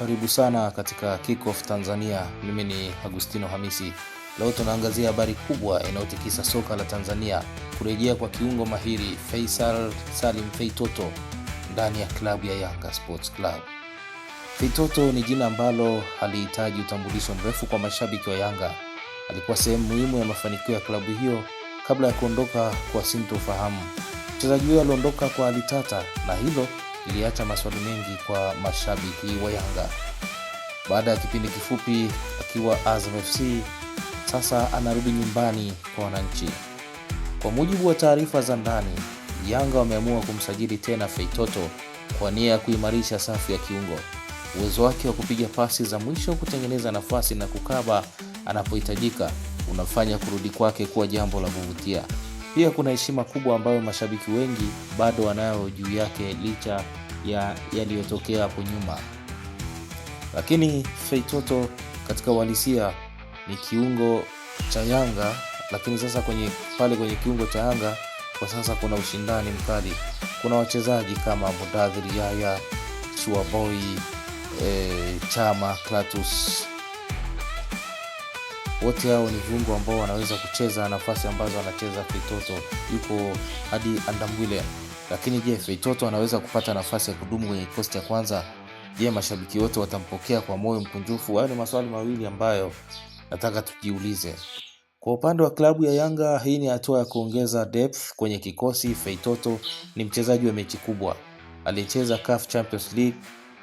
Karibu sana katika Kickoff Tanzania. Mimi ni Agustino Hamisi. Leo tunaangazia habari kubwa inayotikisa soka la Tanzania, kurejea kwa kiungo mahiri Faisal Salim Feitoto ndani ya klabu ya Yanga Sports Club. Feitoto ni jina ambalo halihitaji utambulisho mrefu kwa mashabiki wa Yanga. Alikuwa sehemu muhimu ya mafanikio ya klabu hiyo kabla ya kuondoka kwa sintofahamu. Mchezaji huyo aliondoka kwa alitata na hilo iliacha maswali mengi kwa mashabiki wa Yanga. Baada ya kipindi kifupi akiwa Azam FC, sasa anarudi nyumbani kwa wananchi. Kwa mujibu wa taarifa za ndani, Yanga wameamua kumsajili tena Feitoto kwa nia ya kuimarisha safu ya kiungo. Uwezo wake wa kupiga pasi za mwisho, kutengeneza nafasi na kukaba anapohitajika unafanya kurudi kwake kuwa jambo la kuvutia. Pia kuna heshima kubwa ambayo mashabiki wengi bado wanayo juu yake licha ya yaliyotokea hapo nyuma, lakini Feitoto katika uhalisia ni kiungo cha Yanga, lakini sasa kwenye pale kwenye kiungo cha Yanga kwa sasa kuna ushindani mkali. Kuna wachezaji kama Mudadhiri Yaya, Shuaboi, e, eh, Chama, Klatus wote hao ni viungo ambao wanaweza kucheza nafasi ambazo anacheza fitoto yuko hadi Andambwile. Lakini je, fitoto anaweza kupata nafasi ya kudumu kwenye kikosi cha kwanza? Je, mashabiki wote watampokea kwa moyo mkunjufu? Hayo ni maswali mawili ambayo nataka tujiulize. Kwa upande wa klabu ya Yanga, hii ni hatua ya kuongeza depth kwenye kikosi. Feitoto ni mchezaji wa mechi kubwa, alicheza CAF Champions League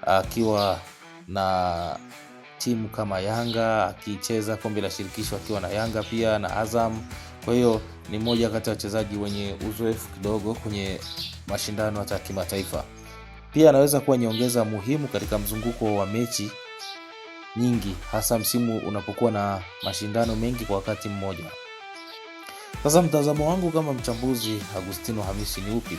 akiwa na timu kama Yanga akicheza kombe la shirikisho akiwa na Yanga pia na Azam. Kwa hiyo ni mmoja kati ya wachezaji wenye uzoefu kidogo kwenye mashindano hata kimataifa. Pia anaweza kuwa nyongeza muhimu katika mzunguko wa mechi nyingi, hasa msimu unapokuwa na mashindano mengi kwa wakati mmoja. Sasa mtazamo wangu kama mchambuzi Agustino Hamisi ni upi?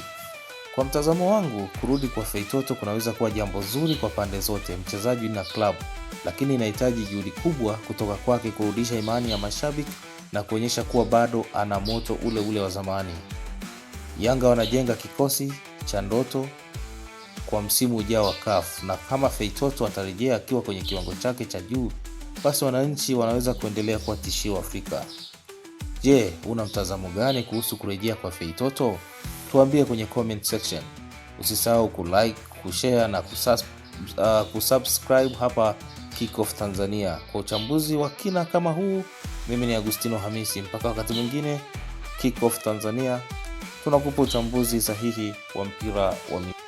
Kwa mtazamo wangu, kurudi kwa Feitoto kunaweza kuwa jambo zuri kwa pande zote, mchezaji na klabu, lakini inahitaji juhudi kubwa kutoka kwake kurudisha imani ya mashabiki na kuonyesha kuwa bado ana moto ule ule wa zamani. Yanga wanajenga kikosi cha ndoto kwa msimu ujao wa CAF na kama Feitoto atarejea akiwa kwenye kiwango chake cha juu, basi wananchi wanaweza kuendelea kuwa tishio Afrika. Je, una mtazamo gani kuhusu kurejea kwa Feitoto? tuambie kwenye comment section. Usisahau kulike, kushare na kusas, uh, kusubscribe hapa Kickoff Tanzania kwa uchambuzi wa kina kama huu. Mimi ni Agustino Hamisi, mpaka wakati mwingine. Kickoff Tanzania tunakupa uchambuzi sahihi wa mpira wa miguu.